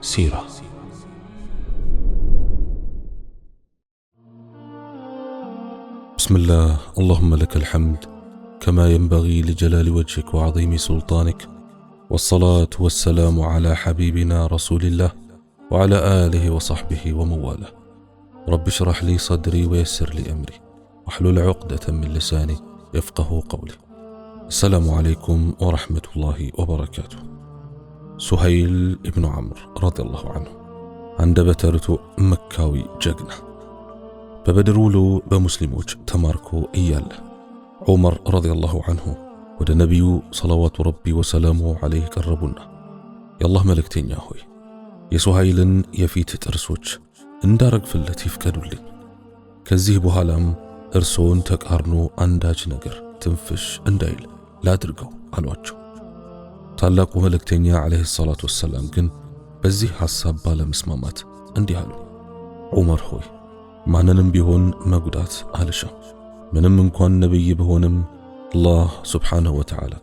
سيرة بسم الله اللهم لك الحمد كما ينبغي لجلال وجهك وعظيم سلطانك والصلاة والسلام على حبيبنا رسول الله وعلى آله وصحبه ومواله رب اشرح لي صدري ويسر لي أمري واحلل عقدة من لساني يفقه قولي السلام عليكم ورحمة الله وبركاته ሱሀይል ኢብኑ ዐምር ረዲየላሁ ዐንሁ አንደበተ ርቱዕ መካዊ ጀግና በበድር ውሎ በሙስሊሞች ተማርኮ እያለ ዑመር ረዲየላሁ ዐንሁ ወደ ነቢዩ ሰላዋቱ ረቢ ወሰላሙ ዐለይህ ቀረቡና የአላህ መልእክተኛ ሆይ የሱሀይልን የፊት ጥርሶች እንዳረግፍለት ይፍቀዱልኝ። ከዚህ በኋላም እርሶን ተቃርኖ አንዳች ነገር ትንፍሽ እንዳይል ላድርገው አሏቸው። ታላቁ መልእክተኛ ዓለይሂ ሰላቱ ወሰላም ግን በዚህ ሐሳብ ባለመስማማት እንዲህ አሉ። ዑመር ሆይ ማንንም ቢሆን መጉዳት አልሻም። ምንም እንኳን ነቢይ ብሆንም አላህ ስብሓንሁ ወተዓላ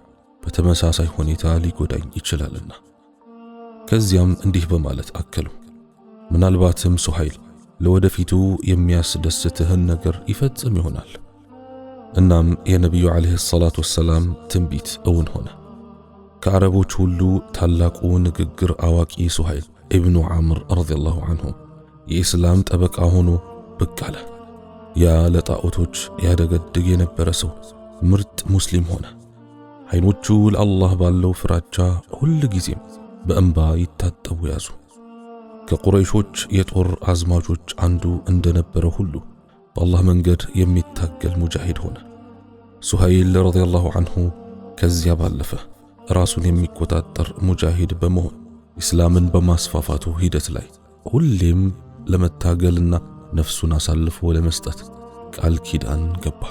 በተመሳሳይ ሁኔታ ሊጎዳኝ ይችላልና። ከዚያም እንዲህ በማለት አከሉ። ምናልባትም ሱሀይል ለወደፊቱ የሚያስደስትህን ነገር ይፈጽም ይሆናል። እናም የነቢዩ ዓለይሂ ሰላቱ ወሰላም ትንቢት እውን ሆነ። ከአረቦች ሁሉ ታላቁ ንግግር አዋቂ ሱሃይል ኢብኑ ዓምር ረዲየላሁ አንሁ የኢስላም ጠበቃ ሆኖ ብቅ አለ። ያ ለጣዖቶች ያደገድግ የነበረ ሰው ምርጥ ሙስሊም ሆነ። ዓይኖቹ ለአላህ ባለው ፍራቻ ሁል ጊዜም በእንባ ይታጠቡ ያዙ። ከቁረይሾች የጦር አዝማቾች አንዱ እንደነበረ ሁሉ በአላህ መንገድ የሚታገል ሙጃሂድ ሆነ። ሱሃይል ረዲየላሁ አንሁ ከዚያ ባለፈ ራሱን የሚቆጣጠር ሙጃሂድ በመሆን ኢስላምን በማስፋፋቱ ሂደት ላይ ሁሌም ለመታገልና ነፍሱን አሳልፎ ለመስጠት ቃል ኪዳን ገባ።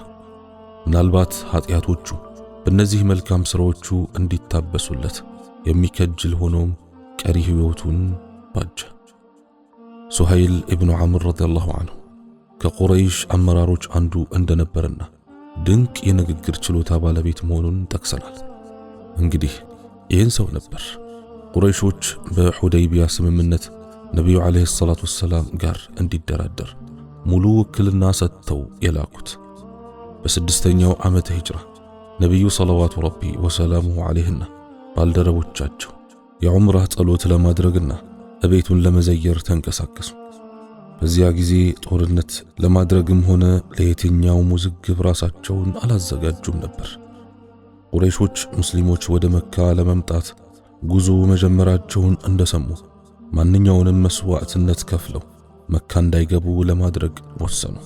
ምናልባት ኃጢአቶቹ በእነዚህ መልካም ሥራዎቹ እንዲታበሱለት የሚከጅል ሆኖም ቀሪ ሕይወቱን ባጀ። ሱሀይል ኢብኑ ዓምር ረዲያላሁ አንሁ ከቁረይሽ አመራሮች አንዱ እንደነበርና ድንቅ የንግግር ችሎታ ባለቤት መሆኑን ጠቅሰናል። እንግዲህ ይህን ሰው ነበር ቁረይሾች በሑደይቢያ ስምምነት ነቢዩ ዓለይሂ ሰላቱ ወሰላም ጋር እንዲደራደር ሙሉ ውክልና ሰጥተው የላኩት። በስድስተኛው ዓመተ ሂጅራ ነቢዩ ሰለዋቱ ረቢ ወሰላሙሁ ዓለይህና ባልደረቦቻቸው የዑምራህ ጸሎት ለማድረግና እቤቱን ለመዘየር ተንቀሳቀሱ። በዚያ ጊዜ ጦርነት ለማድረግም ሆነ ለየትኛውም ውዝግብ ራሳቸውን አላዘጋጁም ነበር። ቁረይሾች ሙስሊሞች ወደ መካ ለመምጣት ጉዞ መጀመራቸውን እንደሰሙ ማንኛውንም መስዋዕትነት ከፍለው መካ እንዳይገቡ ለማድረግ ወሰኑ።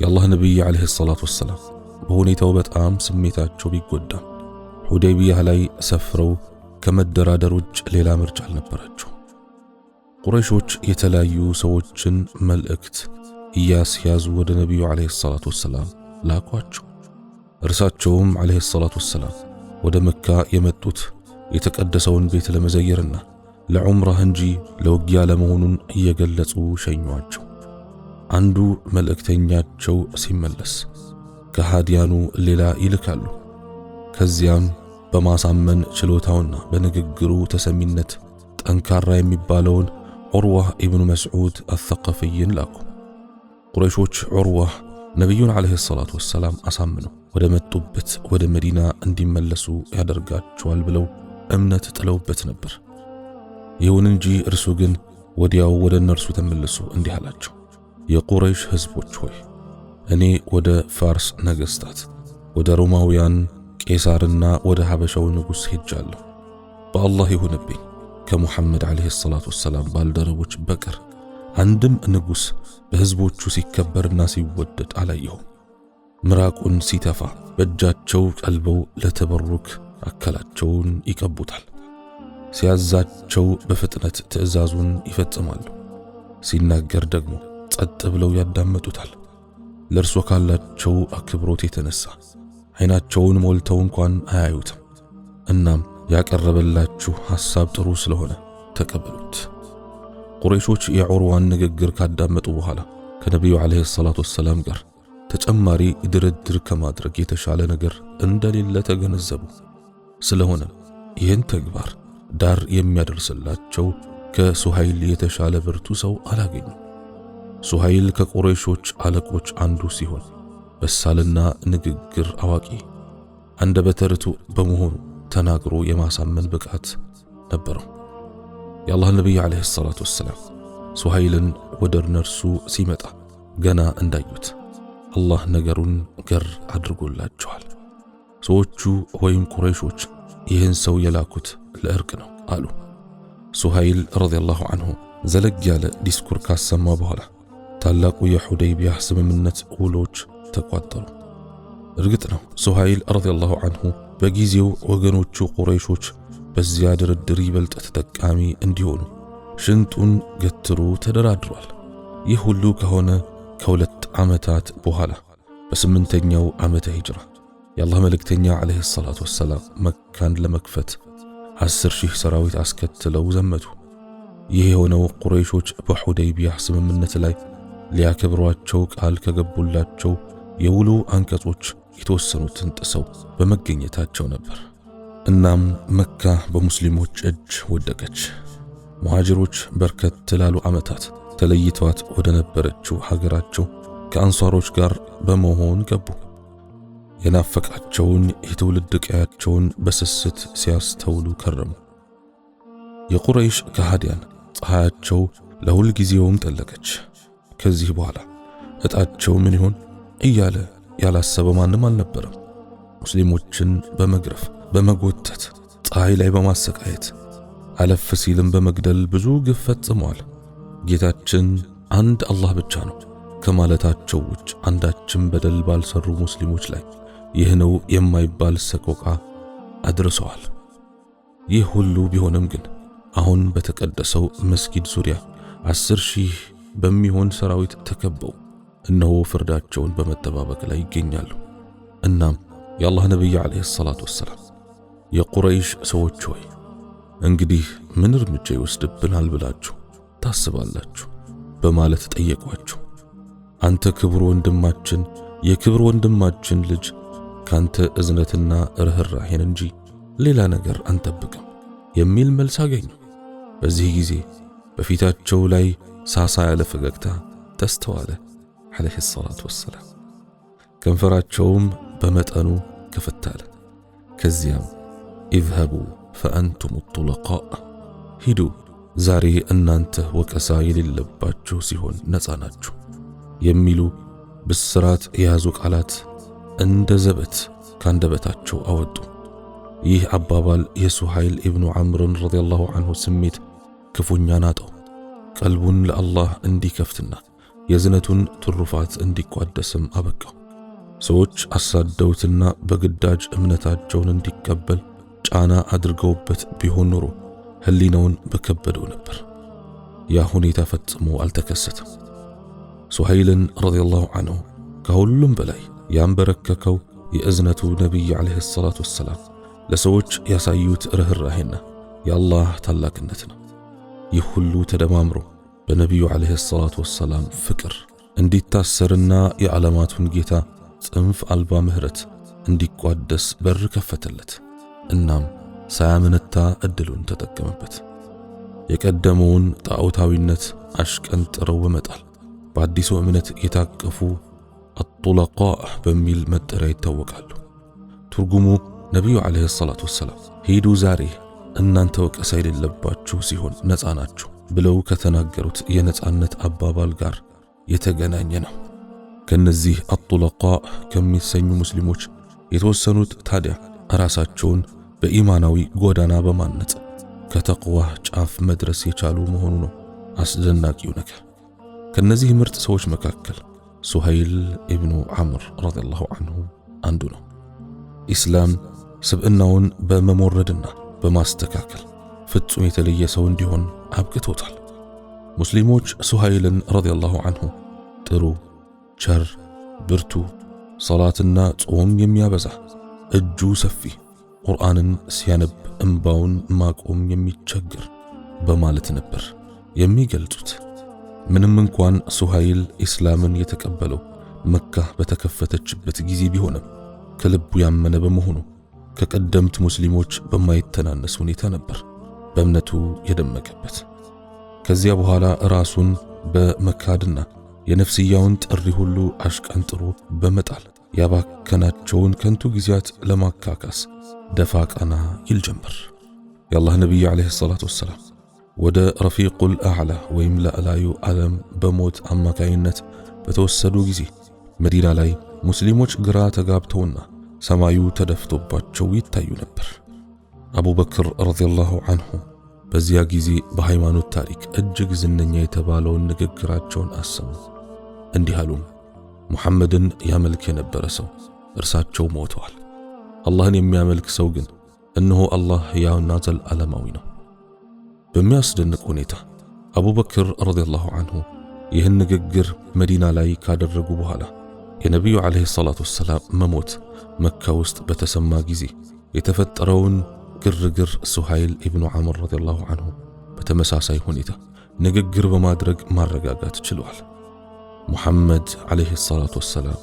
የአላህ ነቢይ ዓለይሂ ሰላቱ ወሰላም በሁኔታው በጣም ስሜታቸው ቢጎዳም ሁዴቢያ ላይ ሰፍረው ከመደራደር ውጭ ሌላ ምርጫ አልነበራቸው። ቁረይሾች የተለያዩ ሰዎችን መልእክት እያስያዙ ወደ ነቢዩ ዓለይሂ ሰላቱ ወሰላም ላኳቸው። እርሳቸውም ዓለይሂ ሰላቱ ወሰላም ወደ መካ የመጡት የተቀደሰውን ቤት ለመዘየርና ለዑምራህ እንጂ ለውጊያ ለመሆኑን እየገለጹ ሸኟቸው። አንዱ መልእክተኛቸው ሲመለስ ከሃዲያኑ ሌላ ይልካሉ። ከዚያም በማሳመን ችሎታውና በንግግሩ ተሰሚነት ጠንካራ የሚባለውን ዑርዋህ ኢብኑ መስዑድ አተቀፍይን ላኩ። ቁረይሾች ዑርዋህ ነቢዩን ዓለይሂ ሰላቱ ወሰላም አሳምነው ወደ መጡበት ወደ መዲና እንዲመለሱ ያደርጋቸዋል ብለው እምነት ጥለውበት ነበር። ይሁን እንጂ እርሱ ግን ወዲያው ወደ እነርሱ ተመልሶ እንዲህ አላቸው፣ የቁረይሽ ሕዝቦች ሆይ እኔ ወደ ፋርስ ነገሥታት፣ ወደ ሮማውያን ቄሳርና ወደ ሐበሻው ንጉሥ ሄጃለሁ። በአላህ ይሁንብኝ ከሙሐመድ ዓለይሂ ሰላቱ ወሰላም ባልደረቦች በቀር አንድም ንጉሥ በሕዝቦቹ ሲከበርና ሲወደድ አላየሁም። ምራቁን ሲተፋ በእጃቸው ቀልበው ለተበሩክ አካላቸውን ይቀቡታል። ሲያዛቸው በፍጥነት ትዕዛዙን ይፈጽማሉ። ሲናገር ደግሞ ጸጥ ብለው ያዳመጡታል። ለእርሶ ካላቸው አክብሮት የተነሳ አይናቸውን ሞልተው እንኳን አያዩትም። እናም ያቀረበላችሁ ሐሳብ ጥሩ ስለሆነ ተቀበሉት። ቁረይሾች የዑርዋን ንግግር ካዳመጡ በኋላ ከነቢዩ ዓለይሂ ሰላቱ ወሰላም ጋር ተጨማሪ ድርድር ከማድረግ የተሻለ ነገር እንደሌለ ተገነዘቡ። ስለሆነ ይህን ተግባር ዳር የሚያደርስላቸው ከሱሃይል የተሻለ ብርቱ ሰው አላገኙ። ሱሃይል ከቁረይሾች አለቆች አንዱ ሲሆን በሳልና ንግግር አዋቂ አንደበተ ርቱዕ በመሆኑ ተናግሮ የማሳመን ብቃት ነበረው። የአላህ ነቢይ ዓለይሂ ሰላቱ ወሰላም ሱሃይልን ወደ እነርሱ ሲመጣ ገና እንዳዩት አላህ ነገሩን ገር አድርጎላቸዋል። ሰዎቹ ወይም ቁረይሾች ይህን ሰው የላኩት ለእርቅ ነው አሉ። ሱሃይል ረዲየላሁ አንሁ ዘለግ ያለ ዲስኩር ካሰማ በኋላ ታላቁ የሑደይቢያ ስምምነት ውሎች ተቋጠሩ እርግጥ ነው ሱሃይል ረዲየላሁ አንሁ በጊዜው ወገኖቹ ቁረይሾች በዚያ ድርድር ይበልጥ ተጠቃሚ እንዲሆኑ ሽንጡን ገትሩ ተደራድሯል። ይህ ሁሉ ከሆነ ከሁለት ዓመታት በኋላ በስምንተኛው ዓመተ ሂጅራ የአላህ መልእክተኛ ዓለይሂ ሰላቱ ወሰላም መካን ለመክፈት አስር ሺህ ሰራዊት አስከትለው ዘመቱ። ይህ የሆነው ቁረይሾች በሑደይቢያ ስምምነት ላይ ሊያከብሯቸው ቃል ከገቡላቸው የውሉ አንቀጾች የተወሰኑትን ጥሰው በመገኘታቸው ነበር። እናም መካ በሙስሊሞች እጅ ወደቀች። ሙሃጅሮች በርከት ላሉ ዓመታት ተለይቷት ወደ ነበረችው ሀገራቸው ከአንሷሮች ጋር በመሆን ገቡ። የናፈቃቸውን የትውልድ ቀያቸውን በስስት ሲያስተውሉ ከረሙ። የቁረይሽ ከሃዲያን ፀሐያቸው ለሁል ጊዜውም ጠለቀች። ከዚህ በኋላ እጣቸው ምን ይሆን እያለ ያላሰበ ማንም አልነበረም። ሙስሊሞችን በመግረፍ በመጎተት ፀሐይ ላይ በማሰቃየት አለፍ ሲልም በመግደል ብዙ ግፍ ፈጽመዋል። ጌታችን አንድ አላህ ብቻ ነው ከማለታቸው ውጭ አንዳችም በደል ባልሰሩ ሙስሊሞች ላይ ይህ ነው የማይባል ሰቆቃ አድርሰዋል። ይህ ሁሉ ቢሆንም ግን አሁን በተቀደሰው መስጊድ ዙሪያ አስር ሺህ በሚሆን ሰራዊት ተከበው እነሆ ፍርዳቸውን በመጠባበቅ ላይ ይገኛሉ። እናም የአላህ ነቢይ ዓለይሂ ሰላቱ ወሰላም የቁረይሽ ሰዎች ሆይ እንግዲህ ምን እርምጃ ይወስድብናል ብላችሁ ታስባላችሁ? በማለት ጠየቋቸው። አንተ ክቡር ወንድማችን፣ የክቡር ወንድማችን ልጅ ካንተ እዝነትና ርኅራኄን እንጂ ሌላ ነገር አንጠብቅም የሚል መልስ አገኙ። በዚህ ጊዜ በፊታቸው ላይ ሳሳ ያለ ፈገግታ ተስተዋለ። ዓለይሂ ሰላቱ ወሰላም ከንፈራቸውም በመጠኑ ከፈት አለ። ከዚያም ኢዝሀቡ ፈአንቱም ጡለቃ ሂዱ ዛሬ እናንተ ወቀሳ የሌለባችሁ ሲሆን ነፃ ናችሁ የሚሉ ብስራት የያዙ ቃላት እንደ ዘበት ካንደበታቸው አወጡ። ይህ አባባል የሱሃይል ኢብኑ ዐምርን ረዲየላሁ ዐንሁ ስሜት ክፉኛ ናጠው። ቀልቡን ለአላህ እንዲከፍትና የዝነቱን ትሩፋት እንዲቋደስም አበቃው። ሰዎች አሳደውትና በግዳጅ እምነታቸውን እንዲቀበል ጫና አድርገውበት ቢሆን ኖሮ ህሊናውን በከበደው ነበር። ያ ሁኔታ ፈጽሞ አልተከሰተም። ሱሀይልን ረዲየላሁ አንሁ ከሁሉም በላይ ያንበረከከው የእዝነቱ ነቢይ ዓለይሂ ሰላቱ ወሰላም ለሰዎች ያሳዩት ርኅራሄና የአላህ ታላቅነት ነው። ይህ ሁሉ ተደማምሮ በነቢዩ ዓለይሂ ሰላቱ ወሰላም ፍቅር እንዲታሰርና የዓለማቱን ጌታ ጽንፍ አልባ ምሕረት እንዲቋደስ በር ከፈተለት። እናም ሳያመነታ እድሉን ተጠቀመበት። የቀደመውን ጣዖታዊነት አሽቀንጥረው በመጣል በአዲሱ እምነት የታቀፉ አጡለቃ በሚል መጠሪያ ይታወቃሉ። ትርጉሙ ነቢዩ ዓለይሂ ሰላቱ ወሰላም ሂዱ ዛሬ እናንተ ወቀሳ የሌለባችሁ ሲሆን ነፃ ናችሁ ብለው ከተናገሩት የነፃነት አባባል ጋር የተገናኘ ነው። ከነዚህ አጡለቃ ከሚሰኙ ሙስሊሞች የተወሰኑት ታዲያ ራሳቸውን በኢማናዊ ጎዳና በማነጽ ከተቅዋ ጫፍ መድረስ የቻሉ መሆኑ ነው አስደናቂው ነገር። ከነዚህ ምርጥ ሰዎች መካከል ሱሀይል ኢብኑ ዐምር ረዲየላሁ ዐንሁ አንዱ ነው። ኢስላም ስብዕናውን በመሞረድና በማስተካከል ፍጹም የተለየ ሰው እንዲሆን አብቅቶታል። ሙስሊሞች ሱሀይልን ረዲየላሁ ዐንሁ ጥሩ፣ ቸር፣ ብርቱ፣ ሰላትና ጾም የሚያበዛ እጁ ሰፊ ቁርአንን ሲያነብ እምባውን ማቆም የሚቸግር በማለት ነበር የሚገልጹት። ምንም እንኳን ሱሃይል ኢስላምን የተቀበለው መካ በተከፈተችበት ጊዜ ቢሆንም ከልቡ ያመነ በመሆኑ ከቀደምት ሙስሊሞች በማይተናነስ ሁኔታ ነበር በእምነቱ የደመቀበት። ከዚያ በኋላ ራሱን በመካድና የነፍስያውን ጥሪ ሁሉ አሽቀንጥሮ በመጣል ያባከናቸውን ከንቱ ጊዜያት ለማካካስ ደፋ ቀና ይል ጀምር። የአላህ ነቢይ ዓለይሂ ሰላቱ ወሰላም ወደ ረፊቁል አዕላ ወይም ለዕላዩ ዓለም በሞት አማካይነት በተወሰዱ ጊዜ መዲና ላይ ሙስሊሞች ግራ ተጋብተውና ሰማዩ ተደፍቶባቸው ይታዩ ነበር። አቡበክር ረዲየላሁ አንሁ በዚያ ጊዜ በሃይማኖት ታሪክ እጅግ ዝነኛ የተባለውን ንግግራቸውን አሰሙ። እንዲህ አሉም ሙሐመድን ያመልክ የነበረ ሰው እርሳቸው ሞተዋል። አላህን የሚያመልክ ሰው ግን እነሆ አላህ ሕያውና ዘላለማዊ ነው። በሚያስደንቅ ሁኔታ አቡበክር ረዲየላሁ አንሁ ይህን ንግግር መዲና ላይ ካደረጉ በኋላ የነቢዩ ዓለይሂ ሰላቱ ወሰላም መሞት መካ ውስጥ በተሰማ ጊዜ የተፈጠረውን ግርግር ሱሃይል ኢብኑ ዓምር ረዲየላሁ አንሁ በተመሳሳይ ሁኔታ ንግግር በማድረግ ማረጋጋት ችለዋል። ሙሐመድ ዓለይሂ ሰላቱ ወሰላም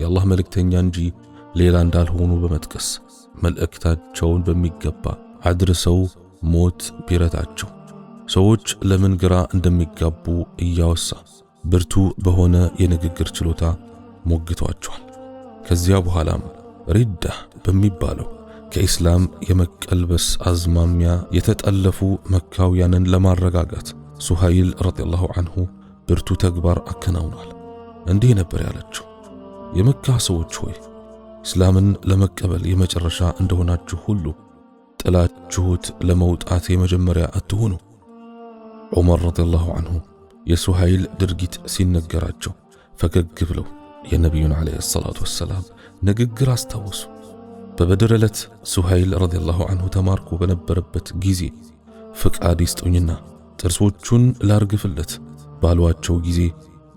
የአላህ መልእክተኛ እንጂ ሌላ እንዳልሆኑ በመጥቀስ መልእክታቸውን በሚገባ አድርሰው ሞት ቢረታቸው ሰዎች ለምን ግራ እንደሚጋቡ እያወሳ ብርቱ በሆነ የንግግር ችሎታ ሞግቷቸዋል። ከዚያ በኋላም ሪዳ በሚባለው ከኢስላም የመቀልበስ አዝማሚያ የተጠለፉ መካውያንን ለማረጋጋት ሱሃይል ረዲየላሁ አንሁ ብርቱ ተግባር አከናውኗል። እንዲህ ነበር ያለችው፣ የመካ ሰዎች ሆይ እስላምን ለመቀበል የመጨረሻ እንደሆናችሁ ሁሉ ጥላችሁት ለመውጣት የመጀመሪያ አትሁኑ። ዑመር ረዲየላሁ አንሁ የሱሀይል ድርጊት ሲነገራቸው ፈገግ ብለው የነቢዩን ዓለይሂ ሰላቱ ወሰላም ንግግር አስታወሱ። በበድር ዕለት ሱሀይል ረዲየላሁ አንሁ ተማርኮ በነበረበት ጊዜ ፍቃድ ይስጡኝና ጥርሶቹን ላርግፍለት ባሏቸው ጊዜ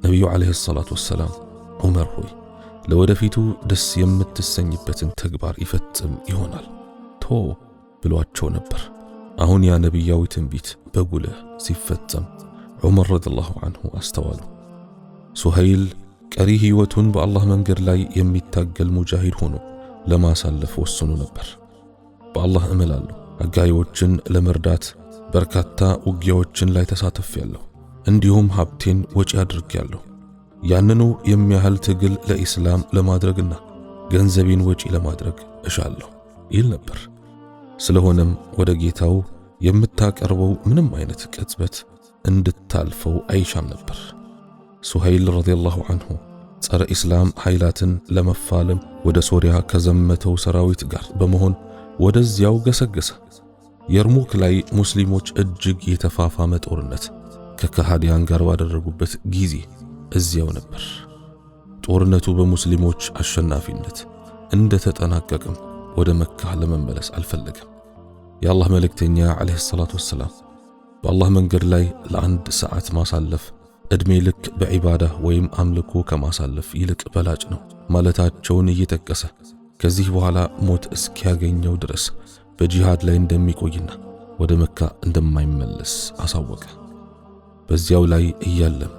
ነቢዩ ዓለይሂ ሰላቱ ወሰላም ዑመር ሆይ ለወደፊቱ ደስ የምትሰኝበትን ተግባር ይፈጽም ይሆናል ቶ ብሏቸው ነበር። አሁን ያ ነቢያዊ ትንቢት በጉልህ ሲፈጸም ዑመር ረዲየላሁ አንሁ አስተዋሉ። ሱሀይል ቀሪ ሕይወቱን በአላህ መንገድ ላይ የሚታገል ሙጃሂድ ሆኖ ለማሳለፍ ወስኑ ነበር። በአላህ እምላለሁ አጋዮችን ለመርዳት በርካታ ውጊያዎችን ላይ ተሳተፍ ያለሁ እንዲሁም ሀብቴን ወጪ አድርጌያለሁ። ያንኑ የሚያህል ትግል ለኢስላም ለማድረግና ገንዘቤን ወጪ ለማድረግ እሻለሁ ይል ነበር። ስለሆነም ወደ ጌታው የምታቀርበው ምንም አይነት ቅጽበት እንድታልፈው አይሻም ነበር። ሱሀይል ረዲየላሁ አንሁ ጸረ ኢስላም ኃይላትን ለመፋለም ወደ ሶሪያ ከዘመተው ሰራዊት ጋር በመሆን ወደዚያው ገሰገሰ። የርሙክ ላይ ሙስሊሞች እጅግ የተፋፋመ ጦርነት ከከሃዲያን ጋር ባደረጉበት ጊዜ እዚያው ነበር። ጦርነቱ በሙስሊሞች አሸናፊነት እንደ ተጠናቀቅም ወደ መካ ለመመለስ አልፈለገም። የአላህ መልእክተኛ ዓለይሂ ሰላቱ ወሰላም በአላህ መንገድ ላይ ለአንድ ሰዓት ማሳለፍ ዕድሜ ልክ በዒባዳ ወይም አምልኮ ከማሳለፍ ይልቅ በላጭ ነው ማለታቸውን እየጠቀሰ ከዚህ በኋላ ሞት እስኪያገኘው ድረስ በጂሃድ ላይ እንደሚቆይና ወደ መካ እንደማይመለስ አሳወቀ። በዚያው ላይ እያለም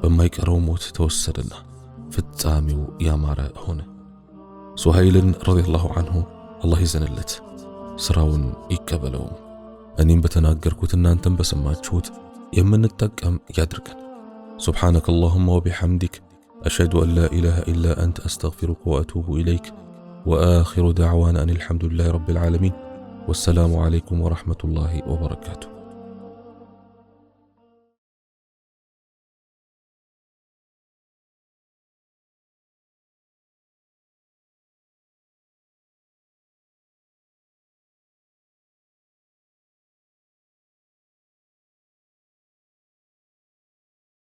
በማይቀረው ሞት ተወሰደና ፍጻሜው ያማረ ሆነ። ሱሀይልን ረዲየላሁ አንሁ አላህ ይዘንለት፣ ሥራውን ይቀበለውም። እኔም በተናገርኩት እናንተም በሰማችሁት የምንጠቀም ያድርገን። ሱብሓነከ አላሁማ ወቢሐምዲክ አሽሀዱ አን ላ ኢላሃ ኢላ አንተ አስተግፊሩከ ወአቱቡ ኢለይክ ወአኺሩ ዳዕዋና አን አልሐምዱሊላሂ ረቢል ዓለሚን ወሰላሙ ዓለይኩም ወረሕመቱላሂ ወበረካቱ።